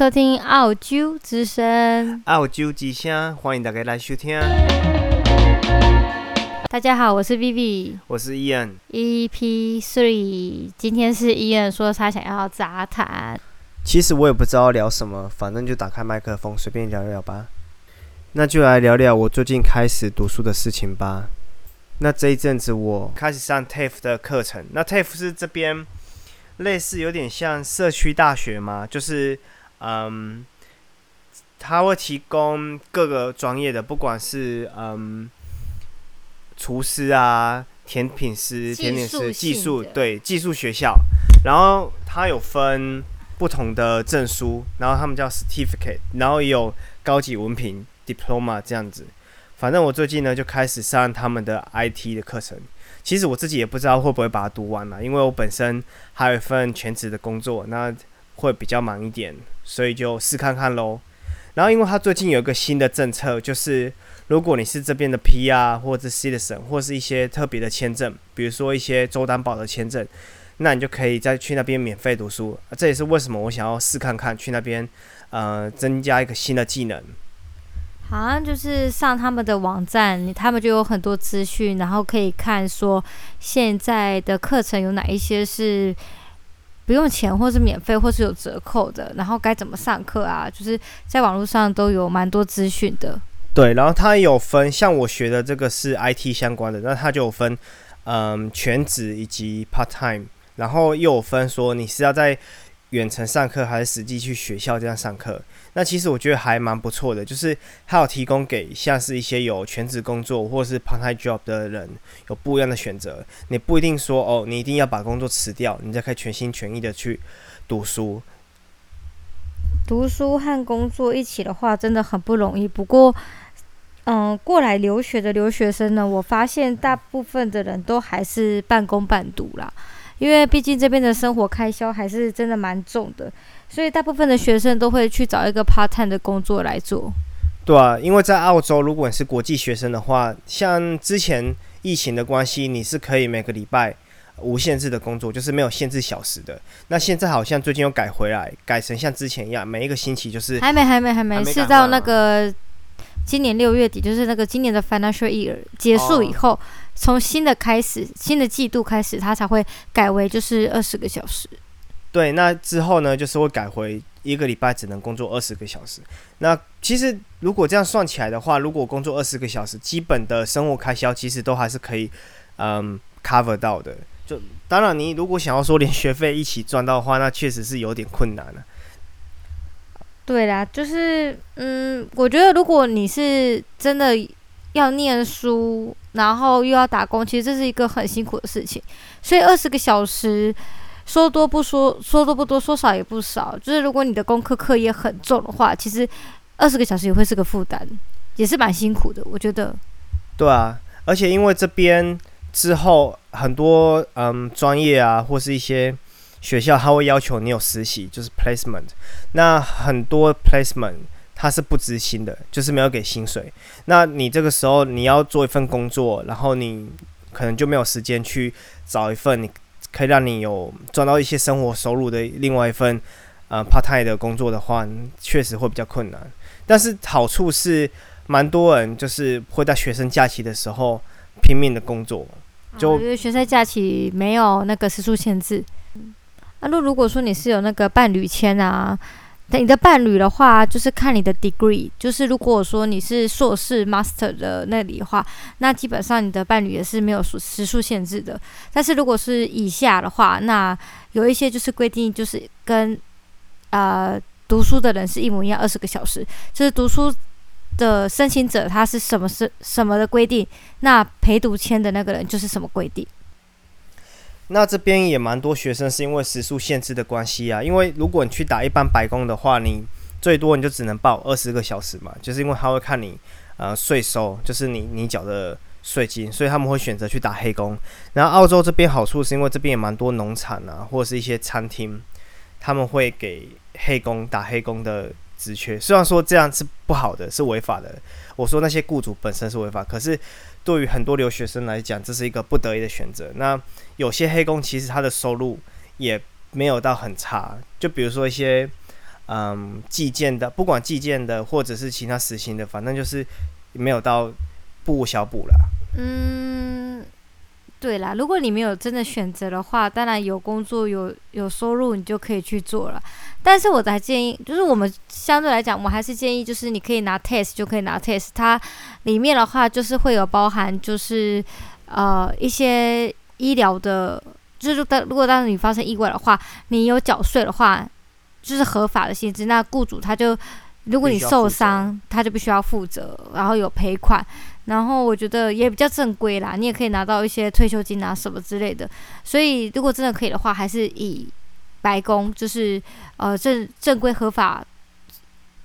收聽澳洲之聲，澳洲之聲，歡迎大家來收聽。大家好，我是 Vivi，我是 Ian。EP Three，今天是 Ian 說他想要雜談。其實我也不知道聊什麼，反正就打開麥克風，隨便聊聊吧。那就來聊聊我最近開始讀書的事情吧。那這一陣子我開始上 TAFE 的課程。那 TAFE 是這邊類似有點像社區大學嗎？就是。嗯，他會提供各個專業的，不管是嗯廚師啊、甜品師、甜點師，技術對，技術學校，然後他有分不同的證書，然後他們叫 certificate，然後也有高級文憑 diploma 這樣子。反正我最近呢就開始上他們的 IT 的課程，其實我自己也不知道會不會把它讀完了啊，因為我本身還有一份全職的工作，那會比較忙一點。所以就試看看嘍。然後，因為他最近有一個新的政策，就是如果你是這邊的 PR，或者 Citizen，或是一些特別的簽證，比如說一些州擔保的簽證，那你就可以再去那邊免費讀書。啊，這也是為什麼我想要試看看，去那邊呃增加一個新的技能。好像就是上他們的網站，他們就有很多資訊，然後可以看說現在的課程有哪一些是。不用錢，或是免費，或是有折扣的，然後該怎麼上課啊？就是在網絡上都有蠻多資訊的。對，然後它有分，像我學的這個是 IT 相關的，那它就有分，嗯，全職以及 part time，然後又有分說你是要在。遠程上課還是實際去學校這樣上課，那其實我覺得還蠻不錯的，就是還有提供給像是一些有全職工作或是 part time job 的人有不一樣的選擇。你不一定說哦，你一定要把工作辭掉，你才可以全心全意的去讀書。讀書和工作一起的話，真的很不容易。不過，嗯、呃，過來留學的留學生呢，我發現大部分的人都還是半工半讀啦。因為畢竟這邊的生活開銷還是真的蠻重的，所以大部分的學生都會去找一個 part time 的工作來做。對啊，因為在澳洲，如果你是國際學生的話，像之前疫情的關係，你是可以每個禮拜無限制的工作，就是沒有限制小時的。那現在好像最近又改回來，改成像之前一樣，每一個星期就是還沒、還沒、還沒、還沒、啊、還沒，是到那個今年六月底，就是那個今年的 financial year 結束以後。哦從新的開始，新的季度開始，它才會改為就是二十個小時。對，那之後呢，就是會改回一個禮拜只能工作二十個小時。那其實如果這樣算起來的話，如果工作二十個小時，基本的生活開銷其實都還是可以，嗯，cover 到的。就當然，你如果想要說連學費一起賺到的話，那確實是有點困難了啊。對啦，就是嗯，我覺得如果你是真的。要念書，然後又要打工，其實這是一個很辛苦的事情。所以二十個小時，說多不說，說多不多，說少也不少。就是如果你的功課課業很重的話，其實二十個小時也會是個負擔，也是蠻辛苦的，我覺得。對啊，而且因為這邊之後很多嗯專業啊，或是一些學校，它會要求你有實習，就是 placement。那很多 placement。他是不支薪的，就是沒有給薪水。那你這個時候你要做一份工作，然後你可能就沒有時間去找一份你可以讓你有賺到一些生活收入的另外一份呃 part time 的工作的話，確實會比較困難。但是好處是，蠻多人就是會在學生假期的時候拼命的工作，就、啊、因為學生假期沒有那個時數限制。那如果如果說你是有那個伴侶簽啊，你的伴侶的話，就是看你的 degree，就是如果說你是碩士、master 的那裡的話，那基本上你的伴侶也是沒有數時數限制的。但是如果是以下的話，那有一些就是規定，就是跟、呃、讀書的人是一模一樣，二十個小時，就是讀書的申請者他是什麼是什麼的規定，那陪讀簽的那個人就是什麼規定。那這邊也蠻多學生是因為時數限制的關係啊，因為如果你去打一般白工的話，你最多你就只能報二十個小時嘛，就是因為他會看你呃稅收，就是你你繳的稅金，所以他們會選擇去打黑工。然後澳洲這邊好處是因為這邊也蠻多農場啊，或者是一些餐廳，他們會給黑工打黑工的職缺，雖然說這樣是不好的，是違法的。我說那些僱主本身是違法，可是，對於很多留學生來講，這是一個不得已的選擇。那有些黑工其實他的收入也沒有到很差，就比如說一些嗯計件的，不管計件的或者是其他時薪的，反正就是沒有到不小補了。嗯。對啦，如果你沒有真的選擇的話，當然有工作有有收入，你就可以去做了。但是我的建議就是，我們相對來講，我們還是建議就是你可以拿 test，就可以拿 test。它裡面的話就是會有包含，就是呃一些醫療的，就是當如果當你發生意外的話，你有繳稅的話，就是合法的性質。那雇主他就如果你受傷，他就必須要負責，然後有賠款。然後我覺得也比較正規啦，你也可以拿到一些退休金啊什麼之類的。所以如果真的可以的話，還是以白工，就是呃正正規合法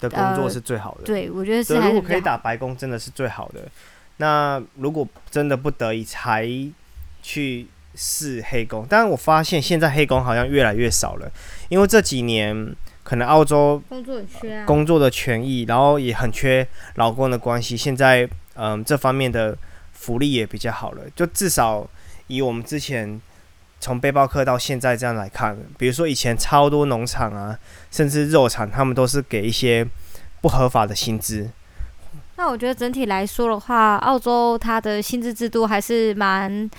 的工作是最好的。呃、對我覺得是，是，如果可以打白工，真的是最好的。那如果真的不得已才去試黑工，但我發現現在黑工好像越來越少了，因為這幾年可能澳洲工作、啊呃、工作的權益，然後也很缺勞工的關係，現在。嗯，這方面的福利也比較好了。就至少以我們之前從背包客到現在這樣來看，比如說以前超多農場啊，甚至肉場，他們都是給一些不合法的薪資。那我覺得整體來說的話，澳洲它的薪資制度還是蠻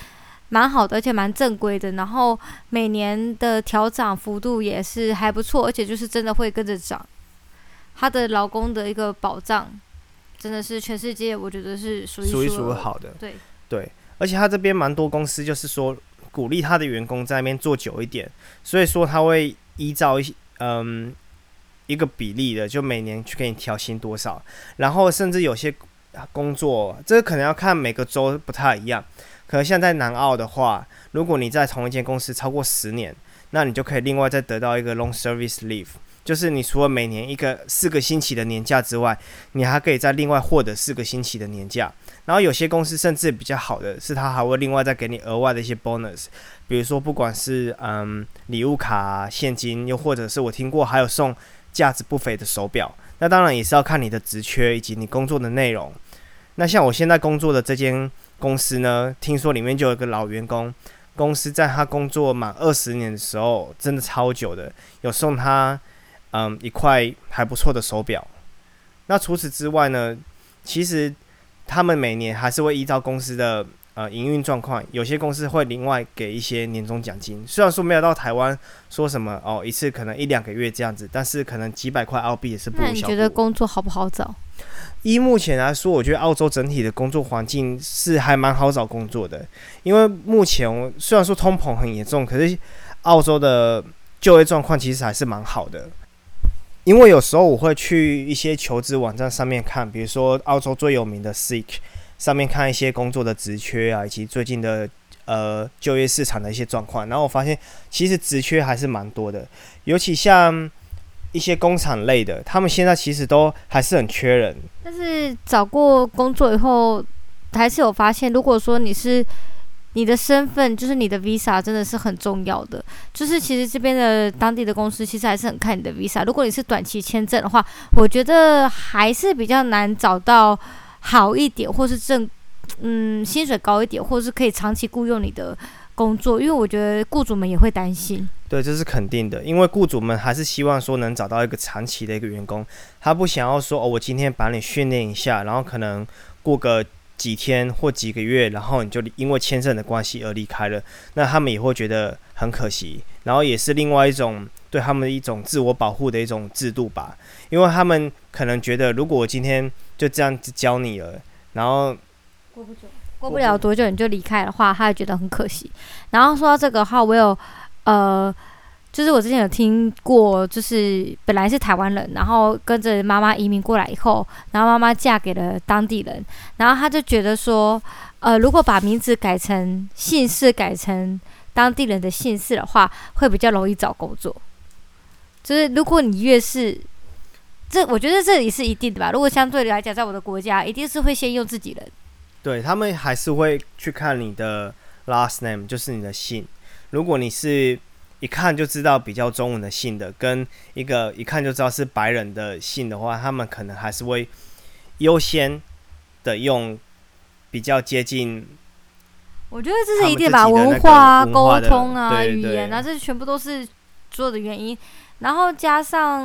蠻好的，而且蠻正規的。然後每年的調漲幅度也是還不錯，而且就是真的會跟着漲，它的勞工的一個保障。真的是全世界，我覺得是數一數一數好的。對對，而且他這邊蠻多公司，就是說鼓勵他的員工在那邊做久一點，所以說他會依照一嗯一個比例的，就每年去給你調薪多少。然後甚至有些工作，這個可能要看每個州不太一樣。可能像在南澳的話，如果你在同一間公司超過十年，那你就可以另外再得到一個 long service leave。就是你除了每年一個四個星期的年假之外，你還可以再另外獲得四個星期的年假。然後有些公司甚至比較好的是，他還會另外再給你額外的一些 bonus，比如說不管是嗯禮物卡、啊、現金，又或者是我聽過還有送價值不菲的手錶。那當然也是要看你的職缺以及你工作的內容。那像我現在工作的這間公司呢，聽說裡面就有一個老員工，公司在他工作滿二十年的時候，真的超久的，有送他。嗯，一塊還不錯的手錶。那除此之外呢？其實他們每年還是會依照公司的呃營運狀況，有些公司會另外給一些年終獎金。雖然說沒有到台灣說什麼哦，一次可能一兩個月這樣子，但是可能幾百塊澳幣也是不會少。那你覺得工作好不好找？依目前來說，我覺得澳洲整體的工作環境是還蠻好找工作的。因為目前雖然說通膨很嚴重，可是澳洲的就業狀況其實還是蠻好的。因為有時候我會去一些求職網站上面看，比如說澳洲最有名的 Seek 上面看一些工作的職缺啊，以及最近的呃就業市場的一些狀況。然後我發現其實職缺還是蠻多的，尤其像一些工廠類的，他們現在其實都還是很缺人。但是找過工作以後，還是有發現，如果說你是。你的身份就是你的 visa 真的是很重要的，就是其實這邊的當地的公司其實還是很看你的 visa。如果你是短期簽證的話，我覺得還是比較難找到好一點或是正，嗯，薪水高一點，或者是可以長期僱傭你的工作，因為我覺得僱主們也會擔心。對，這是肯定的，因為僱主們還是希望說能找到一個長期的一個員工，他不想要說哦，我今天把你訓練一下，然後可能過個。幾天或幾個月，然後你就因為簽證的關係而離開了，那他們也會覺得很可惜，然後也是另外一種對他們的一種自我保護的一種制度吧，因為他們可能覺得，如果我今天就這樣子教你了，然後過不久，過不了多久你就離開的話，我他會覺得很可惜。然後說到這個話，我有呃。就是我之前有聽過，就是本來是台灣人，然後跟着媽媽移民過來以後，然後媽媽嫁給了當地人，然後她就覺得說，呃，如果把名字改成姓氏，改成當地人的姓氏的話，會比較容易找工作。就是如果你越是，這我覺得這也是一定的吧。如果相對來講，在我的國家，一定是會先用自己人。對，他們還是會去看你的 last name，就是你的姓。如果你是。一看就知道比較中文的姓的，跟一個一看就知道是白人的姓的話，他們可能還是會優先的用比較接近。我覺得這是一定的吧，文化啊、溝通啊、對對對語言啊，這全部都是所有的原因。然後加上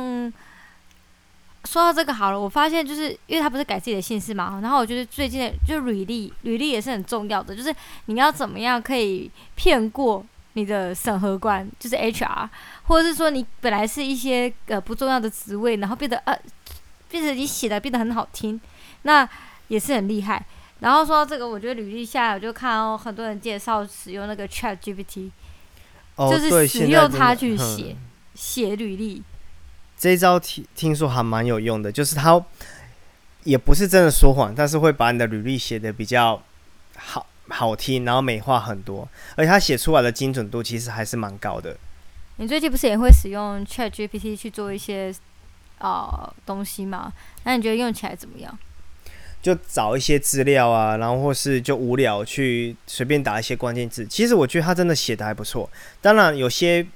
說到這個好了，我發現就是因為他不是改自己的姓氏嘛，然後我覺得最近的就履歷,履歷，履歷也是很重要的，就是你要怎麼樣可以騙過。你的審核官就是 HR，或者是說你本來是一些呃不重要的職位，然後變得呃變得你寫的變得很好聽，那也是很厲害。然後說到這個，我覺得履歷下來我就看到，哦，很多人介紹使用那個 ChatGPT，哦，就是使用它去寫寫履歷。這一招聽聽說還蠻有用的，就是它也不是真的說謊，但是會把你的履歷寫得比較好。好聽，然後美化很多，而且他寫出來的精準度其實還是蠻高的。你最近不是也會使用 ChatGPT 去做一些啊、呃、東西嗎？那你覺得用起來怎麼樣？就找一些資料啊，然後或是就無聊去隨便打一些關鍵字。其實我覺得他真的寫得還不錯。當然，有些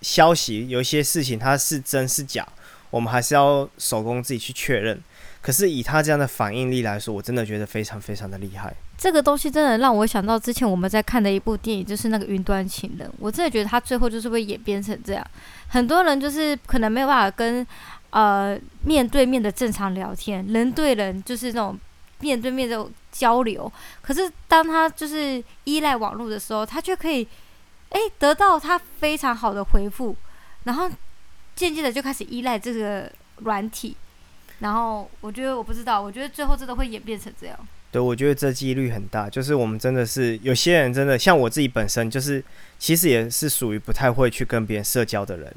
消息，有一些事情，它是真是假，我們還是要手工自己去確認。可是以他這樣的反應力來說，我真的覺得非常非常的厲害。這個東西真的讓我想到之前我們在看的一部電影，就是那個《雲端情人》。我真的覺得他最後就是會演變成這樣。很多人就是可能沒有辦法跟呃面對面的正常聊天，人對人就是那種面對面這種交流。可是當他就是依賴網絡的時候，他卻可以誒得到他非常好的回覆，然後漸漸的就開始依賴這個軟體。然後我覺得我不知道，我覺得最後真的會演變成這樣。對，我覺得這幾率很大，就是我們真的是有些人真的像我自己本身，就是其實也是屬於不太會去跟別人社交的人。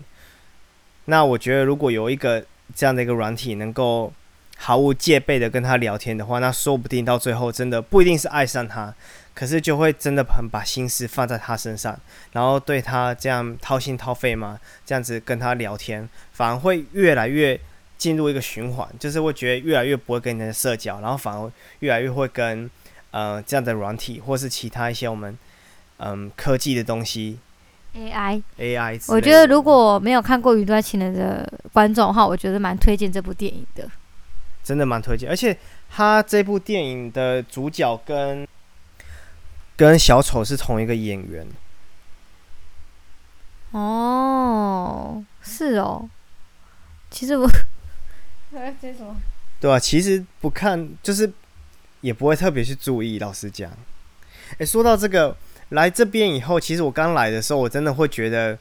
那我覺得如果有一個這樣的一個軟體，能夠毫無戒備的跟他聊天的話，那說不定到最後真的不一定是愛上他，可是就會真的很把心思放在他身上，然後對他這樣掏心掏肺嘛，這樣子跟他聊天，反而會越來越。進入一個循環，就是會覺得越來越不會跟人社交，然後反而越來越會跟呃這樣的軟體，或是其他一些我們嗯、呃、科技的東西 AI AI。AI 我覺得如果沒有看過《雲端情人》的觀眾的話，我覺得蠻推薦這部電影的。真的蠻推薦，而且他這部電影的主角跟跟小丑是同一個演員。哦，是哦。其實我。對啊，其實不看就是也不會特別去注意。老實講，哎，說到這個，來這邊以後，其實我剛來的時候，我真的會覺得，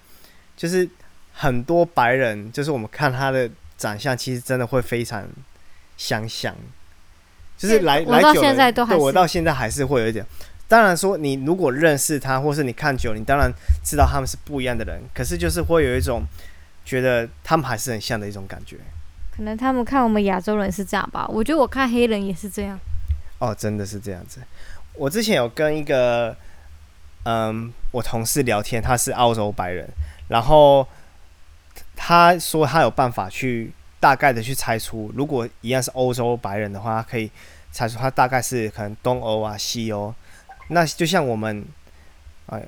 就是很多白人，就是我們看他的長相，其實真的會非常相像。就是來，來、欸，到現在都還，我到現在還是會有一點。當然說，你如果認識他，或是你看久了，你當然知道他們是不一樣的人。可是就是會有一種覺得他們還是很像的一種感覺。可能他們看我們亞洲人是這樣吧，我覺得我看黑人也是這樣。哦，真的是這樣子。我之前有跟一個，嗯，我同事聊天，他是澳洲白人，然後他說他有辦法去大概的去猜出，如果一樣是歐洲白人的話，可以猜出他大概是可能東歐啊、西歐。那就像我們，哎、呃，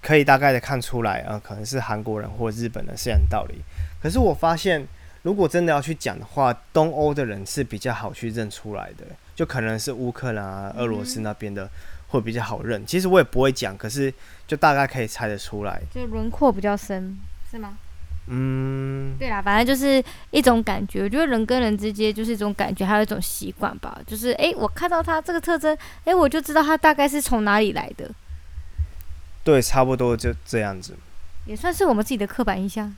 可以大概的看出來啊、呃，可能是韓國人或日本人。是這樣道理。可是我發現。如果真的要去講的話，東歐的人是比較好去認出來的，就可能是烏克蘭啊、俄羅斯那邊的、嗯、哼會比較好認。其實我也不會講，可是就大概可以猜得出來，就輪廓比較深，是嗎？嗯，對啦，反正就是一種感覺。我覺得人跟人之間就是一種感覺，還有一種習慣吧，就是哎、欸，我看到他這個特徵，哎、欸，我就知道他大概是從哪裡來的。對，差不多就這樣子，也算是我們自己的刻板印象。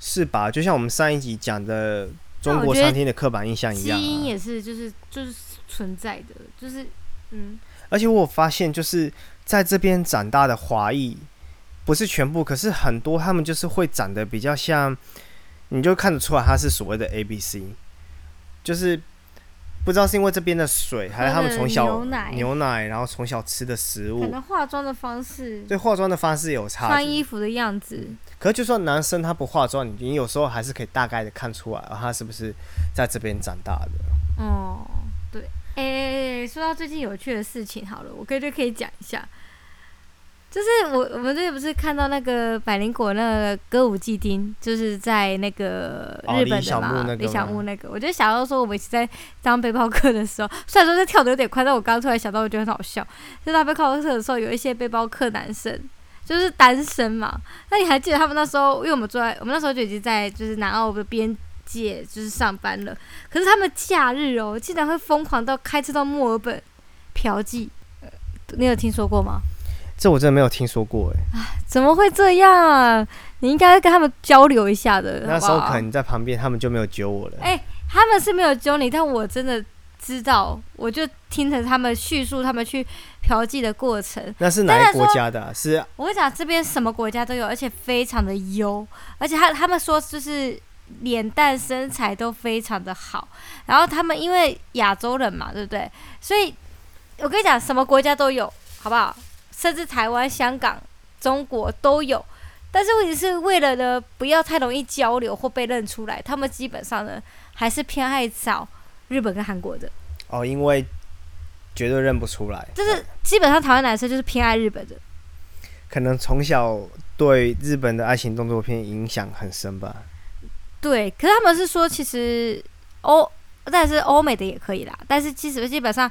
是吧？就像我們上一集講的中國餐廳的刻板印象一樣，基因也是就是就是存在的，就是嗯。而且我發現，就是在這邊長大的華裔，不是全部，可是很多他們就是會長得比較像，你就看得出來他是所謂的 ABC，就是。不知道是因為這邊的水，或者還是他們從小牛奶，牛奶，然後從小吃的食物，可能化妝的方式，對化妝的方式有差，穿衣服的樣子。可是就算男生他不化妝，你有時候還是可以大概的看出來、啊、他是不是在這邊長大的。哦，對，哎、欸，說到最近有趣的事情，好了，我可以就可以講一下。就是我我們這裡不是看到那個百靈果那個歌舞伎町，就是在那個日本的嘛，李、哦、李小牧那，那個。我就想到說，我們一起在當背包客的時候，雖然說在跳的有點快，但我剛，剛突然想到，我覺得很好笑。就當背包客的時候，有一些背包客男生就是單身嘛，那你還記得他們那時候？因為我們住在我們那時候就已經在就是南澳的邊界就是上班了，可是他們假日哦，竟然會瘋狂到開車到墨爾本，嫖妓，你有聽說過嗎？這我真的沒有聽說過哎、欸啊，怎麼會這樣啊？你應該跟他們交流一下的。那時候可能你在旁邊，他們就沒有揪我了。哎、欸，他們是沒有揪你，但我真的知道，我就聽着他們敘述他們去嫖妓的過程。那是哪個國家的、啊？是。我跟你講，這邊什麼國家都有，而且非常的優，而且他他們說就是臉蛋、身材都非常的好。然後他們因為亞洲人嘛，對不對？所以我跟你講，什麼國家都有，好不好？甚至台灣、香港、中國都有，但是問題是為了呢，不要太容易交流或被認出來，他們基本上呢還是偏愛找日本跟韓國的。哦，因為絕對認不出來。就是、嗯、基本上台灣男生就是偏愛日本的，可能從小對日本的愛情動作片影響很深吧。對，可是他們是說，其實歐，但是歐美的也可以啦，但是其實基本上。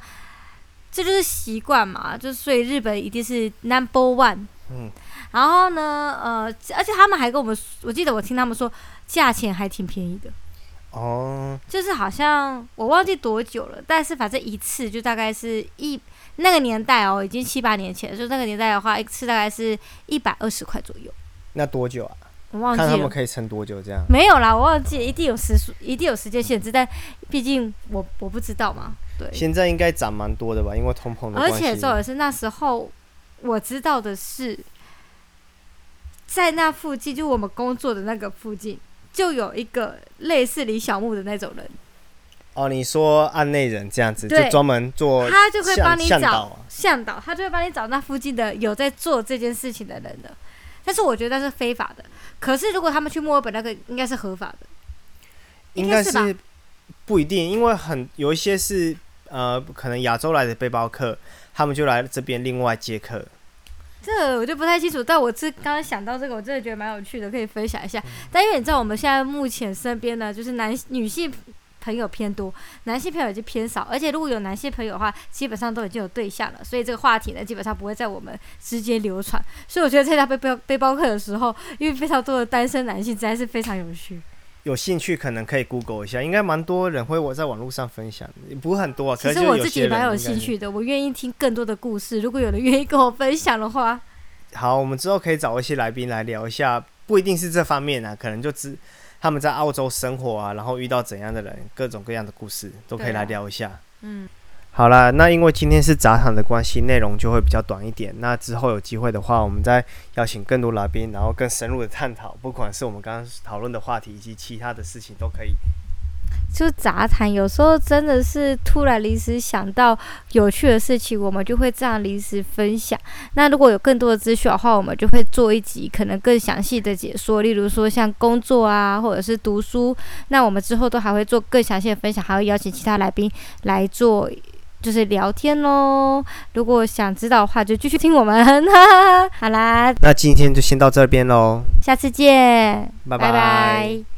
這就是習慣嘛，就所以日本一定是 number one。嗯，然後呢，呃，而且他們還跟我們，我記得我聽他們說，價錢還挺便宜的。哦，就是好像我忘記多久了，但是反正一次就大概是一那個年代哦，已經七八年前，就那個年代的話，一次大概是一百二十塊左右。那多久啊？我忘記了看他們可以撐多久這樣？沒有啦，我忘記，一定有時數，一定有時間限制。但畢竟我我不知道嘛。對。現在應該漲蠻多的吧？因為通膨的關係，哦，而且重要是那時候，我知道的是，在那附近，就我們工作的那個附近，就有一個類似李小牧的那種人。哦，你說案內人這樣子，對就專門做，他就會幫你找向導,向導，他就會幫你找那附近的有在做這件事情的人的。但是我覺得那是非法的，可是如果他們去墨爾本，那個應該是合法的，應該是不一定，應該是吧？不一定，因為很有一些是呃，可能亞洲來的背包客，他們就來這邊另外接客。這我就不太清楚，但我是剛剛想到這個，我真的覺得蠻有趣的，可以分享一下。嗯、但因為你知道，我們現在目前身邊呢，就是男女性，朋友偏多，男性朋友就偏少，而且如果有男性朋友的話，基本上都已經有對象了，所以這個話題呢，基本上不會在我們之間流傳。所以我覺得在他背包背包客的時候，因為非常多的單身男性，實在是非常有趣，有興趣可能可以 Google 一下，應該蠻多人會我在網絡上分享，也不會很多啊。可是我自己蠻有興趣的，我願意聽更多的故事。如果有人願意跟我分享的話，好，我們之後可以找一些來賓來聊一下，不一定是這方面啊，可能就只。他們在澳洲生活啊，然後遇到怎樣的人，各種各樣的故事都可以來聊一下。啊、嗯，好啦，那因為今天是雜談的關係，內容就會比較短一點。那之後有機會的話，我們再邀請更多來賓，然後更深入的探討，不管是我們剛剛討論的話題以及其他的事情都可以。就雜談，有時候真的是突然臨時想到有趣的事情，我們就會這樣臨時分享。那如果有更多的資訊的話，我們就會做一集可能更詳細的解說，例如說像工作啊，或者是讀書，那我們之後都還會做更詳細的分享，還會邀請其他來賓來做就是聊天嘍。如果想知道的話，就繼續聽我們。 好啦，那今天就先到這邊嘍，下次見，拜拜 bye。Bye bye